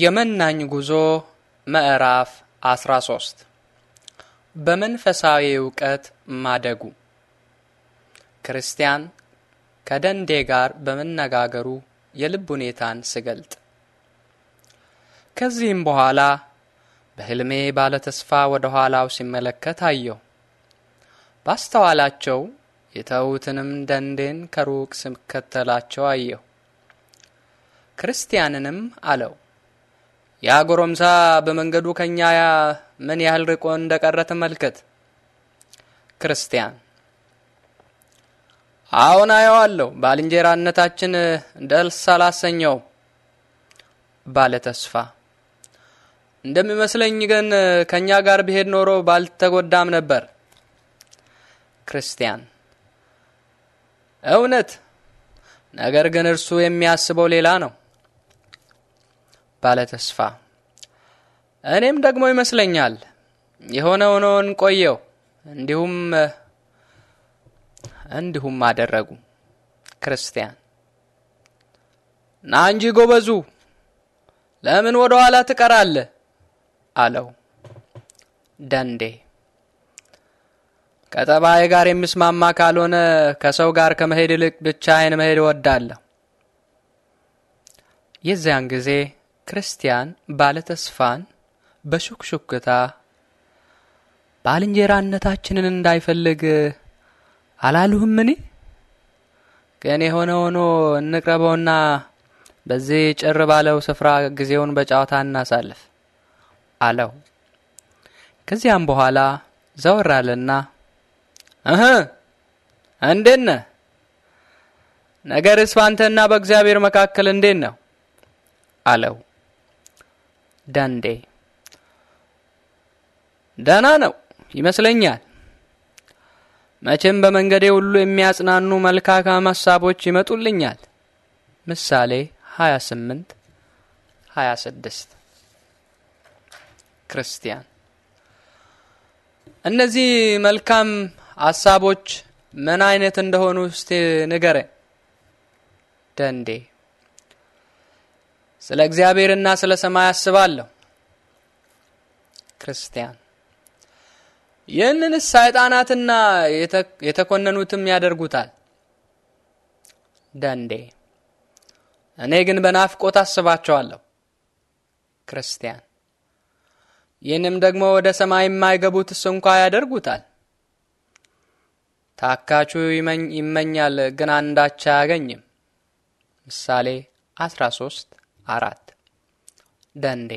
የመናኝ ጉዞ ምዕራፍ 13 በመንፈሳዊ ዕውቀት ማደጉ ክርስቲያን ከደንዴ ጋር በመነጋገሩ የልብ ሁኔታን ስገልጥ ከዚህም በኋላ በሕልሜ ባለተስፋ ወደ ኋላው ሲመለከት አየሁ። ባስተዋላቸው የተዉትንም ደንዴን ከሩቅ ስከተላቸው አየሁ። ክርስቲያንንም አለው ያ ጎረምሳ በመንገዱ ከኛ ምን ያህል ርቆ እንደቀረ ተመልከት። ክርስቲያን አሁን አየዋለሁ። ባልንጀራነታችን ደልስ አላሰኘውም። ባለ ተስፋ እንደሚመስለኝ ግን ከእኛ ጋር ብሄድ ኖሮ ባልተጎዳም ነበር። ክርስቲያን እውነት፣ ነገር ግን እርሱ የሚያስበው ሌላ ነው። ባለ ተስፋ እኔም ደግሞ ይመስለኛል የሆነ ሆኖን ቆየው። እንዲሁም እንዲሁም አደረጉ። ክርስቲያን ና እንጂ ጎበዙ፣ ለምን ወደ ኋላ ትቀራለ አለው። ደንዴ ከጠባይ ጋር የሚስማማ ካልሆነ ከሰው ጋር ከመሄድ ይልቅ አይን መሄድ እወዳለሁ። የዚያን ጊዜ ክርስቲያን ባለተስፋን በሹክሹክታ ባልንጀራነታችንን እንዳይፈልግ አላሉህምን? ግን የሆነ ሆኖ እንቅረበውና በዚህ ጭር ባለው ስፍራ ጊዜውን በጨዋታ እናሳልፍ አለው። ከዚያም በኋላ ዘወር አለና እህ እንዴት ነህ? ነገርስ በአንተና በእግዚአብሔር መካከል እንዴት ነው አለው። ዳንዴ ደህና ነው ይመስለኛል። መቼም በመንገዴ ሁሉ የሚያጽናኑ መልካካም ሀሳቦች ይመጡልኛል። ምሳሌ 28 26 ክርስቲያን እነዚህ መልካም ሀሳቦች ምን አይነት እንደሆኑ እስቲ ንገረ ደንዴ ስለ እግዚአብሔርና ስለ ሰማይ አስባለሁ። ክርስቲያን ይህንንስ ሰይጣናትና የተኮነኑትም ያደርጉታል። ደንዴ እኔ ግን በናፍቆት አስባቸዋለሁ። ክርስቲያን ይህንም ደግሞ ወደ ሰማይ የማይገቡትስ እንኳ ያደርጉታል። ታካቹ ይመኛል ግን አንዳች አያገኝም። ምሳሌ 13 አራት ደንዴ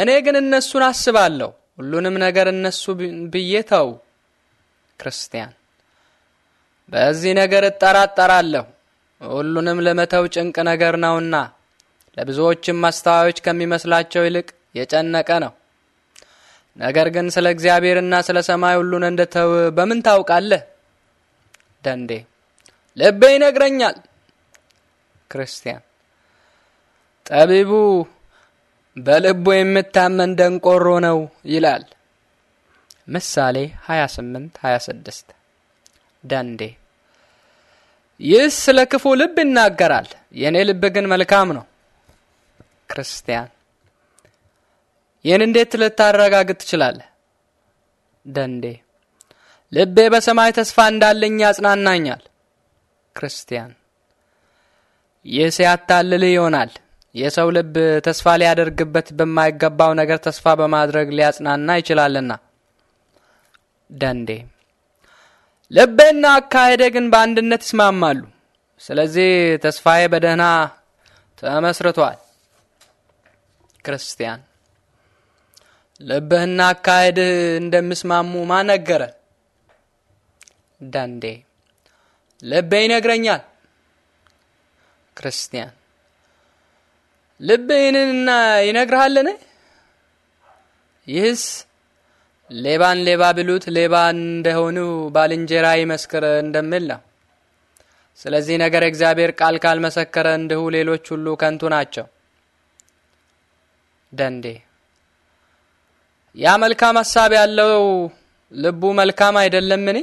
እኔ ግን እነሱን አስባለሁ፣ ሁሉንም ነገር እነሱ ብዬ ተው። ክርስቲያን በዚህ ነገር እጠራጠራለሁ፣ ሁሉንም ለመተው ጭንቅ ነገር ነውና ለብዙዎችም አስተዋዮች ከሚመስላቸው ይልቅ የጨነቀ ነው። ነገር ግን ስለ እግዚአብሔርና ስለ ሰማይ ሁሉን እንደተው በምን ታውቃለህ? ደንዴ ልቤ ይነግረኛል። ክርስቲያን ጠቢቡ በልቡ የምታመን ደንቆሮ ነው ይላል። ምሳሌ 28 26 ደንዴ ይህ ስለ ክፉ ልብ ይናገራል፣ የእኔ ልብ ግን መልካም ነው። ክርስቲያን ይህን እንዴት ልታረጋግጥ ትችላለህ? ደንዴ ልቤ በሰማይ ተስፋ እንዳለኝ ያጽናናኛል። ክርስቲያን ይህ ሲያታልልህ ይሆናል የሰው ልብ ተስፋ ሊያደርግበት በማይገባው ነገር ተስፋ በማድረግ ሊያጽናና ይችላልና። ደንዴ ልቤና አካሄደ ግን በአንድነት ይስማማሉ። ስለዚህ ተስፋዬ በደህና ተመስርቷል። ክርስቲያን ልብህና አካሄድህ እንደሚስማሙ ማን ነገረ? ደንዴ ልቤ ይነግረኛል። ክርስቲያን ልብ ይህንንና ይነግርሃለን? ይህስ ሌባን ሌባ ብሉት ሌባ እንደሆኑ ባልንጀራ ይመስክር እንደሚል ነው። ስለዚህ ነገር እግዚአብሔር ቃል ካልመሰከረ እንዲሁ ሌሎች ሁሉ ከንቱ ናቸው። ደንዴ ያ መልካም ሀሳብ ያለው ልቡ መልካም አይደለምን?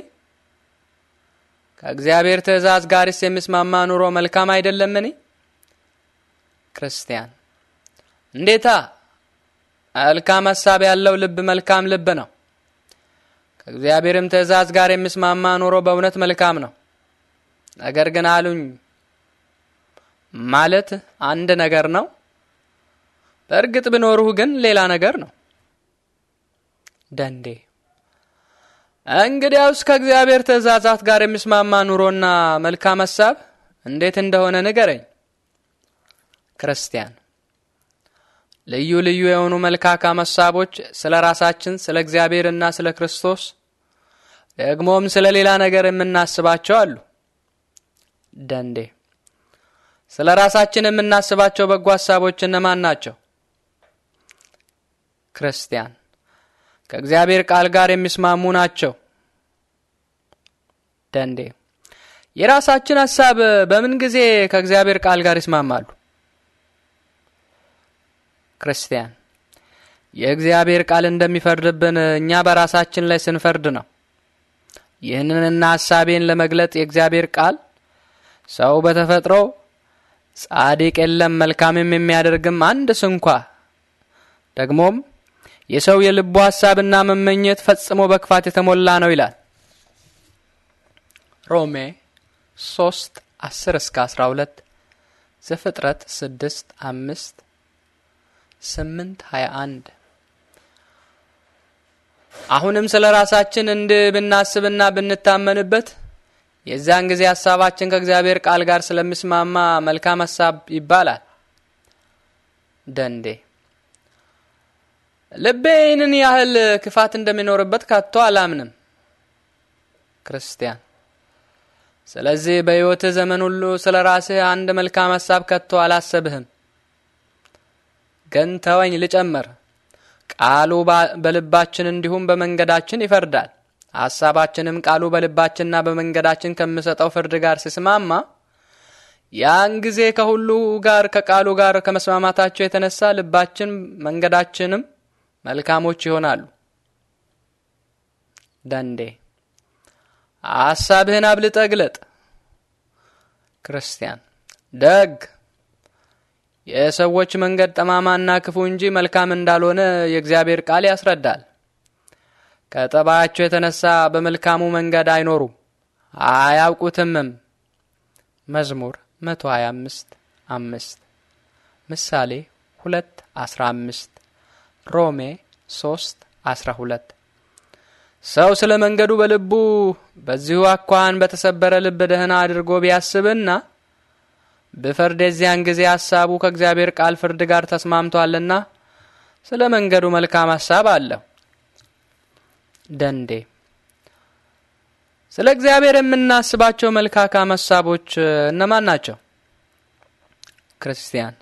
ከእግዚአብሔር ትእዛዝ ጋርስ የሚስማማ ኑሮ መልካም አይደለምን? ክርስቲያን እንዴታ መልካም ሀሳብ ያለው ልብ መልካም ልብ ነው። ከእግዚአብሔርም ትእዛዝ ጋር የሚስማማ ኑሮ በእውነት መልካም ነው። ነገር ግን አሉኝ ማለት አንድ ነገር ነው። በእርግጥ ብኖርሁ ግን ሌላ ነገር ነው። ደንዴ እንግዲያውስ ከእግዚአብሔር ትእዛዛት ጋር የሚስማማ ኑሮና መልካም ሀሳብ እንዴት እንደሆነ ንገረኝ። ክርስቲያን ልዩ ልዩ የሆኑ መልካካም ሀሳቦች ስለ ራሳችን፣ ስለ እግዚአብሔርና ስለ ክርስቶስ ደግሞም ስለ ሌላ ነገር የምናስባቸው አሉ። ደንዴ ስለ ራሳችን የምናስባቸው በጎ ሀሳቦች እነማን ናቸው? ክርስቲያን ከእግዚአብሔር ቃል ጋር የሚስማሙ ናቸው። ደንዴ የራሳችን ሀሳብ በምን ጊዜ ከእግዚአብሔር ቃል ጋር ይስማማሉ? ክርስቲያን የእግዚአብሔር ቃል እንደሚፈርድብን እኛ በራሳችን ላይ ስንፈርድ ነው። ይህንንና ሐሳቤን ለመግለጥ የእግዚአብሔር ቃል ሰው በተፈጥሮ ጻድቅ የለም መልካምም የሚያደርግም አንድ ስንኳ፣ ደግሞም የሰው የልቡ ሐሳብና መመኘት ፈጽሞ በክፋት የተሞላ ነው ይላል ሮሜ 3 10 እስከ 12 ዘፍጥረት 6 5 ስምንት ሀያ አንድ አሁንም ስለ ራሳችን እንድ ብናስብና ብንታመንበት የዚያን ጊዜ ሀሳባችን ከእግዚአብሔር ቃል ጋር ስለሚስማማ መልካም ሀሳብ ይባላል። ደንዴ ልቤ ይህንን ያህል ክፋት እንደሚኖርበት ካቶ አላምንም። ክርስቲያን ስለዚህ በሕይወትህ ዘመን ሁሉ ስለ ራስህ አንድ መልካም ሀሳብ ከቶ አላሰብህም። ገንተወኝ ልጨምር። ቃሉ በልባችን እንዲሁም በመንገዳችን ይፈርዳል። ሐሳባችንም ቃሉ በልባችንና በመንገዳችን ከምሰጠው ፍርድ ጋር ሲስማማ ያን ጊዜ ከሁሉ ጋር ከቃሉ ጋር ከመስማማታቸው የተነሳ ልባችን መንገዳችንም መልካሞች ይሆናሉ። ደንዴ ሐሳብህን አብልጠ ግለጥ። ክርስቲያን ደግ የሰዎች መንገድ ጠማማና ክፉ እንጂ መልካም እንዳልሆነ የእግዚአብሔር ቃል ያስረዳል። ከጠባያቸው የተነሳ በመልካሙ መንገድ አይኖሩም አያውቁትምም። መዝሙር 125 5 ምሳሌ 2 15 ሮሜ 3 12 ሰው ስለ መንገዱ በልቡ በዚሁ አኳን በተሰበረ ልብ ደህና አድርጎ ቢያስብና ብፈርድ የዚያን ጊዜ ሐሳቡ ከእግዚአብሔር ቃል ፍርድ ጋር ተስማምቷልና ስለ መንገዱ መልካም ሐሳብ አለው። ደንዴ ስለ እግዚአብሔር የምናስባቸው መልካም ሐሳቦች እነማን ናቸው? ክርስቲያን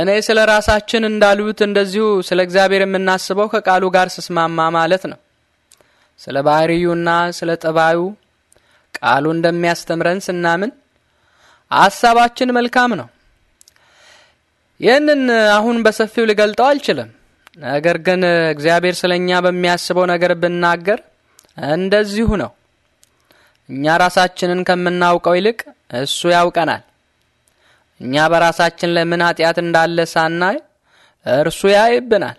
እኔ ስለ ራሳችን እንዳሉት እንደዚሁ ስለ እግዚአብሔር የምናስበው ከቃሉ ጋር ስስማማ ማለት ነው። ስለ ባህሪዩና ስለ ጠባዩ ቃሉ እንደሚያስተምረን ስናምን ሀሳባችን መልካም ነው። ይህንን አሁን በሰፊው ልገልጠው አልችልም። ነገር ግን እግዚአብሔር ስለ እኛ በሚያስበው ነገር ብናገር እንደዚሁ ነው። እኛ ራሳችንን ከምናውቀው ይልቅ እሱ ያውቀናል። እኛ በራሳችን ለምን ኃጢአት እንዳለ ሳናይ እርሱ ያይብናል።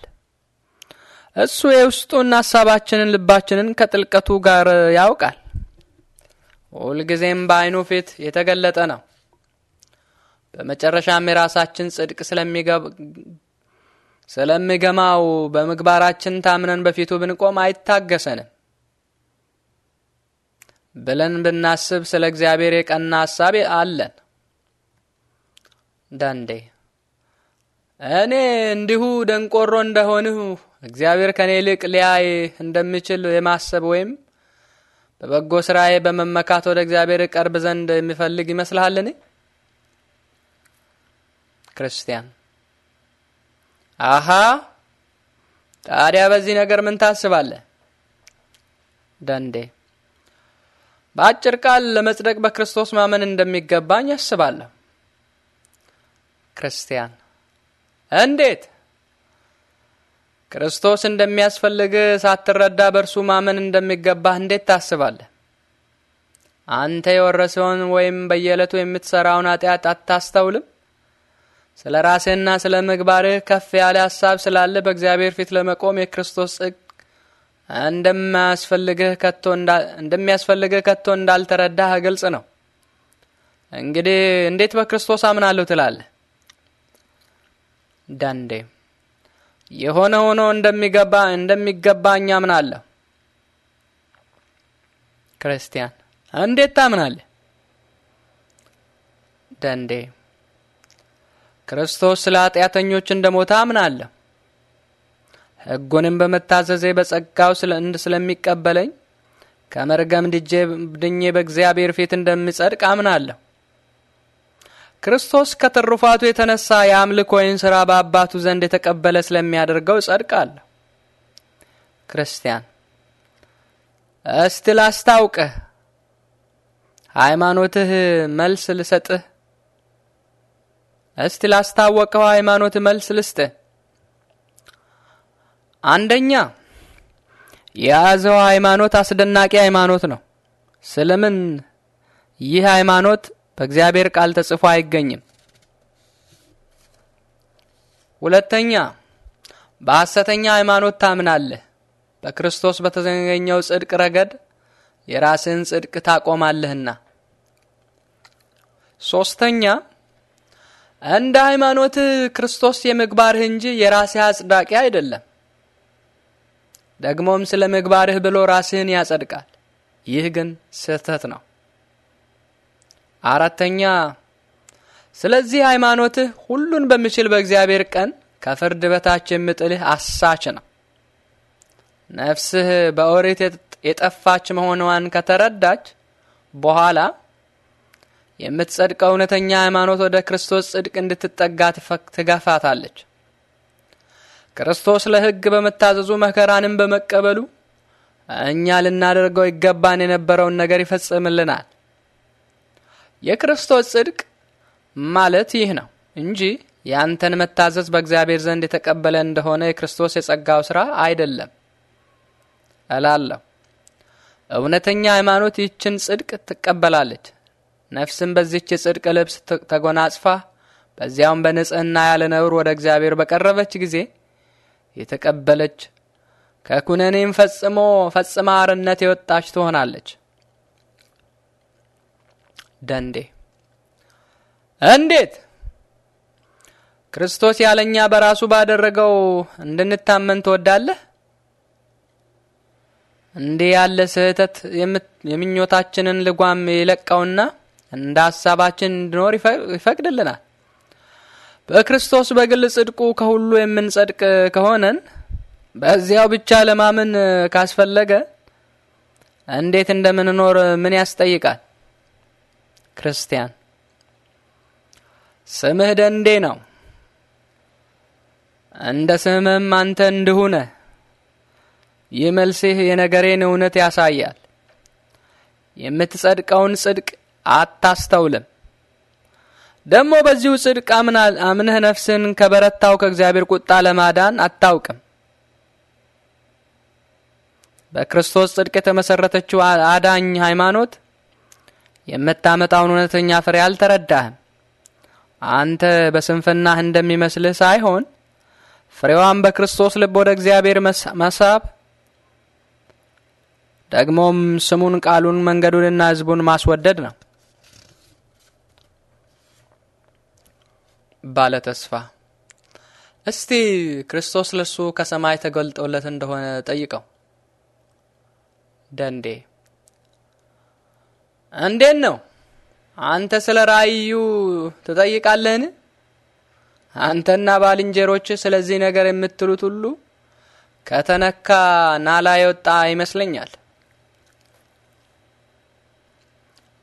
እሱ የውስጡን ሀሳባችንን፣ ልባችንን ከጥልቀቱ ጋር ያውቃል። ሁልጊዜም በዓይኑ ፊት የተገለጠ ነው። በመጨረሻም የራሳችን ጽድቅ ስለሚገማው በምግባራችን ታምነን በፊቱ ብንቆም አይታገሰንም ብለን ብናስብ ስለ እግዚአብሔር የቀና ሀሳብ አለን። ዳንዴ እኔ እንዲሁ ደንቆሮ እንደሆንሁ እግዚአብሔር ከእኔ ይልቅ ሊያይ እንደሚችል የማሰብ ወይም በበጎ ስራዬ በመመካት ወደ እግዚአብሔር ቀርብ ዘንድ የሚፈልግ ይመስልሃልን? ክርስቲያን። አሃ ታዲያ በዚህ ነገር ምን ታስባለህ? ደንዴ በአጭር ቃል ለመጽደቅ በክርስቶስ ማመን እንደሚገባኝ አስባለሁ ክርስቲያን እንዴት? ክርስቶስ እንደሚያስፈልግ ሳትረዳ በእርሱ ማመን እንደሚገባህ እንዴት ታስባለህ? አንተ የወረሰውን ወይም በየዕለቱ የምትሠራውን ኃጢአት አታስተውልም? ስለ ራሴና ስለ ምግባርህ ከፍ ያለ ሀሳብ ስላለ በእግዚአብሔር ፊት ለመቆም የክርስቶስ ጽድቅ እንደሚያስፈልግህ ከቶ እንዳልተረዳህ ግልጽ ነው። እንግዲህ እንዴት በክርስቶስ አምናለሁ ትላለህ? ዳንዴ የሆነ ሆኖ እንደሚገባ እንደሚገባኝ አምናለሁ። ክርስቲያን እንዴት ታምናለህ? ደንዴ ክርስቶስ ስለ ኃጢአተኞች እንደ ሞተ አምናለሁ። ሕጉንም በመታዘዜ በጸጋው ስለሚቀበለኝ ከመርገም ድጄ ድኜ በእግዚአብሔር ፊት እንደሚጸድቅ አምናለሁ። ክርስቶስ ከትሩፋቱ የተነሳ የአምልኮዬን ሥራ በአባቱ ዘንድ የተቀበለ ስለሚያደርገው እጸድቃለሁ። ክርስቲያን እስቲ ላስታውቅህ፣ ሃይማኖትህ መልስ ልሰጥህ እስቲ ላስታወቀው ሃይማኖት መልስ ልስጥ። አንደኛ የያዘው ሃይማኖት አስደናቂ ሃይማኖት ነው። ስለምን ይህ ሃይማኖት በእግዚአብሔር ቃል ተጽፎ አይገኝም። ሁለተኛ በሐሰተኛ ሃይማኖት ታምናለህ። በክርስቶስ በተገኘው ጽድቅ ረገድ የራስህን ጽድቅ ታቆማለህና። ሶስተኛ እንደ ሃይማኖት ክርስቶስ የምግባርህ እንጂ የራስህ አጽዳቂ አይደለም። ደግሞም ስለ ምግባርህ ብሎ ራስህን ያጸድቃል። ይህ ግን ስህተት ነው። አራተኛ ስለዚህ ሃይማኖትህ ሁሉን በሚችል በእግዚአብሔር ቀን ከፍርድ በታች የምጥልህ አሳች ነው። ነፍስህ በኦሪት የጠፋች መሆኗን ከተረዳች በኋላ የምትጸድቀው እውነተኛ ሃይማኖት ወደ ክርስቶስ ጽድቅ እንድትጠጋ ትገፋታለች። ክርስቶስ ለሕግ በመታዘዙ መከራንም በመቀበሉ እኛ ልናደርገው ይገባን የነበረውን ነገር ይፈጽምልናል። የክርስቶስ ጽድቅ ማለት ይህ ነው እንጂ ያንተን መታዘዝ በእግዚአብሔር ዘንድ የተቀበለ እንደሆነ የክርስቶስ የጸጋው ሥራ አይደለም እላለሁ። እውነተኛ ሃይማኖት ይህችን ጽድቅ ትቀበላለች። ነፍስም በዚች የጽድቅ ልብስ ተጎናጽፋ በዚያውም በንጽህና ያለ ነውር ወደ እግዚአብሔር በቀረበች ጊዜ የተቀበለች ከኩነኔም ፈጽሞ ፈጽማ አርነት የወጣች ትሆናለች። ደንዴ እንዴት ክርስቶስ ያለኛ በራሱ ባደረገው እንድንታመን ትወዳለህ? እንዲህ ያለ ስህተት የምኞታችንን ልጓም የለቀውና እንደ ሀሳባችን እንድኖር ይፈቅድልናል። በክርስቶስ በግል ጽድቁ ከሁሉ የምንጸድቅ ከሆነን በዚያው ብቻ ለማመን ካስፈለገ እንዴት እንደምንኖር ምን ያስጠይቃል? ክርስቲያን ስምህ ደንዴ ነው፣ እንደ ስምህም አንተ እንዲሁ ነህ። ይህ መልስህ የነገሬን እውነት ያሳያል። የምትጸድቀውን ጽድቅ አታስተውልም። ደግሞ በዚሁ ጽድቅ አምነህ ነፍስን ከበረታው ከእግዚአብሔር ቁጣ ለማዳን አታውቅም። በክርስቶስ ጽድቅ የተመሰረተችው አዳኝ ሃይማኖት የምታመጣውን እውነተኛ ፍሬ አልተረዳህም። አንተ በስንፍናህ እንደሚመስልህ ሳይሆን ፍሬዋን በክርስቶስ ልብ ወደ እግዚአብሔር መሳብ ደግሞም ስሙን፣ ቃሉን፣ መንገዱንና ሕዝቡን ማስወደድ ነው። ባለ ተስፋ እስቲ ክርስቶስ ለሱ ከሰማይ ተገልጦለት እንደሆነ ጠይቀው። ደንዴ እንዴት ነው አንተ ስለ ራእዩ ትጠይቃለህን? አንተና ባልንጀሮች ስለዚህ ነገር የምትሉት ሁሉ ከተነካ ናላ የወጣ ይመስለኛል።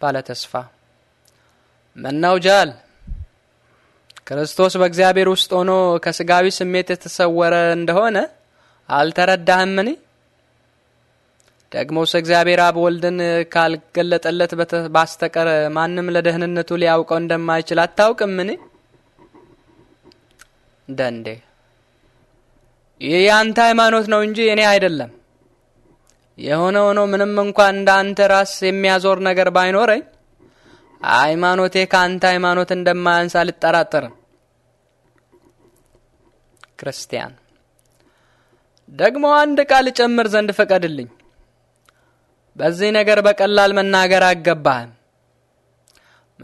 ባለ ተስፋ ምነው ጃል ክርስቶስ በእግዚአብሔር ውስጥ ሆኖ ከስጋዊ ስሜት የተሰወረ እንደሆነ አልተረዳህምን? ስ እግዚአብሔር አብ ወልድን ካልገለጠለት ባስተቀር ማንም ለደህንነቱ ሊያውቀው እንደማይችል አታውቅምን? ደንዴ ይህ የአንተ ሃይማኖት ነው እንጂ እኔ አይደለም። የሆነ ሆኖ ምንም እንኳን እንደ አንተ ራስ የሚያዞር ነገር ባይኖረኝ ሃይማኖቴ ከአንተ ሃይማኖት እንደማያንስ አልጠራጠርም። ክርስቲያን ደግሞ አንድ ቃል ጨምር ዘንድ ፍቀድልኝ። በዚህ ነገር በቀላል መናገር አይገባህም።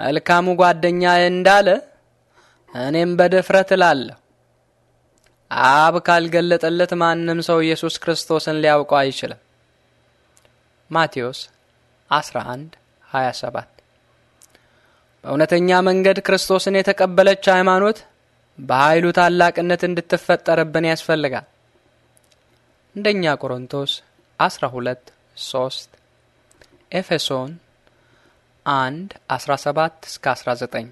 መልካሙ ጓደኛ እንዳለ እኔም በድፍረት እላለሁ አብ ካልገለጠለት ማንም ሰው ኢየሱስ ክርስቶስን ሊያውቀው አይችልም። ማቴዎስ 11 27 በእውነተኛ መንገድ ክርስቶስን የተቀበለች ሃይማኖት በኃይሉ ታላቅነት እንድትፈጠርብን ያስፈልጋል። አንደኛ ቆሮንቶስ 12 3 ኤፌሶን 1 17 እስከ 19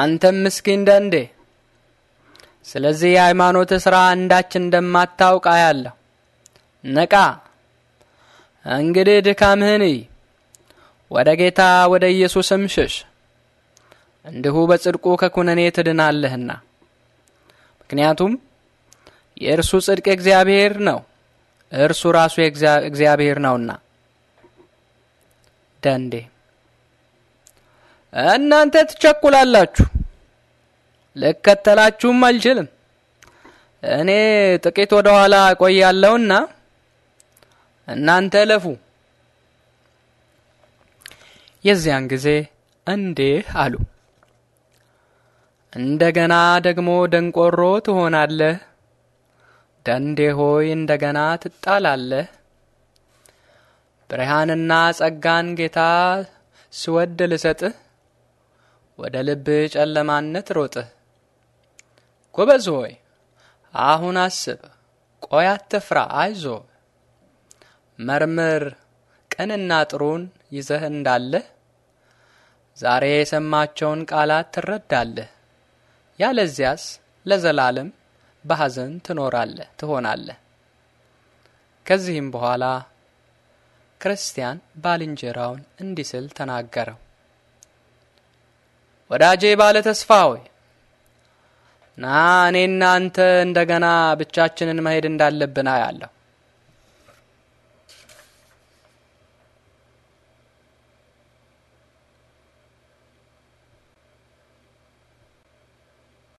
አንተም ምስኪን ደንዴ ስለዚህ የሃይማኖት ሥራ አንዳች እንደማታውቅ አያለሁ። ነቃ እንግዲህ ድካምህን እይ ወደ ጌታ ወደ ኢየሱስም ሽሽ፣ እንዲሁ በጽድቁ ከኩነኔ ትድናለህና። ምክንያቱም የእርሱ ጽድቅ እግዚአብሔር ነው፣ እርሱ ራሱ እግዚአብሔር ነውና። ደንዴ እናንተ ትቸኩላላችሁ፣ ልከተላችሁም አልችልም። እኔ ጥቂት ወደ ኋላ እቆያለሁና እናንተ ለፉ የዚያን ጊዜ እንዲህ አሉ፣ እንደገና ደግሞ ደንቆሮ ትሆናለህ፣ ደንዴ ሆይ እንደገና ትጣላለህ። ብርሃንና ጸጋን ጌታ ስወድ ልሰጥህ፣ ወደ ልብህ ጨለማነት ሮጥህ። ጎበዝ ሆይ አሁን አስብ፣ ቆይ አትፍራ፣ አይዞ መርምር ቅንና ጥሩን ይዘህ እንዳለህ ዛሬ የሰማቸውን ቃላት ትረዳለህ። ያለዚያስ ለዘላለም በሐዘን ትኖራለህ ትሆናለህ። ከዚህም በኋላ ክርስቲያን ባልንጀራውን እንዲህ ስል ተናገረው። ወዳጄ ባለ ተስፋ ሆይ ና እኔና አንተ እንደገና ብቻችንን መሄድ እንዳለብን አያለሁ።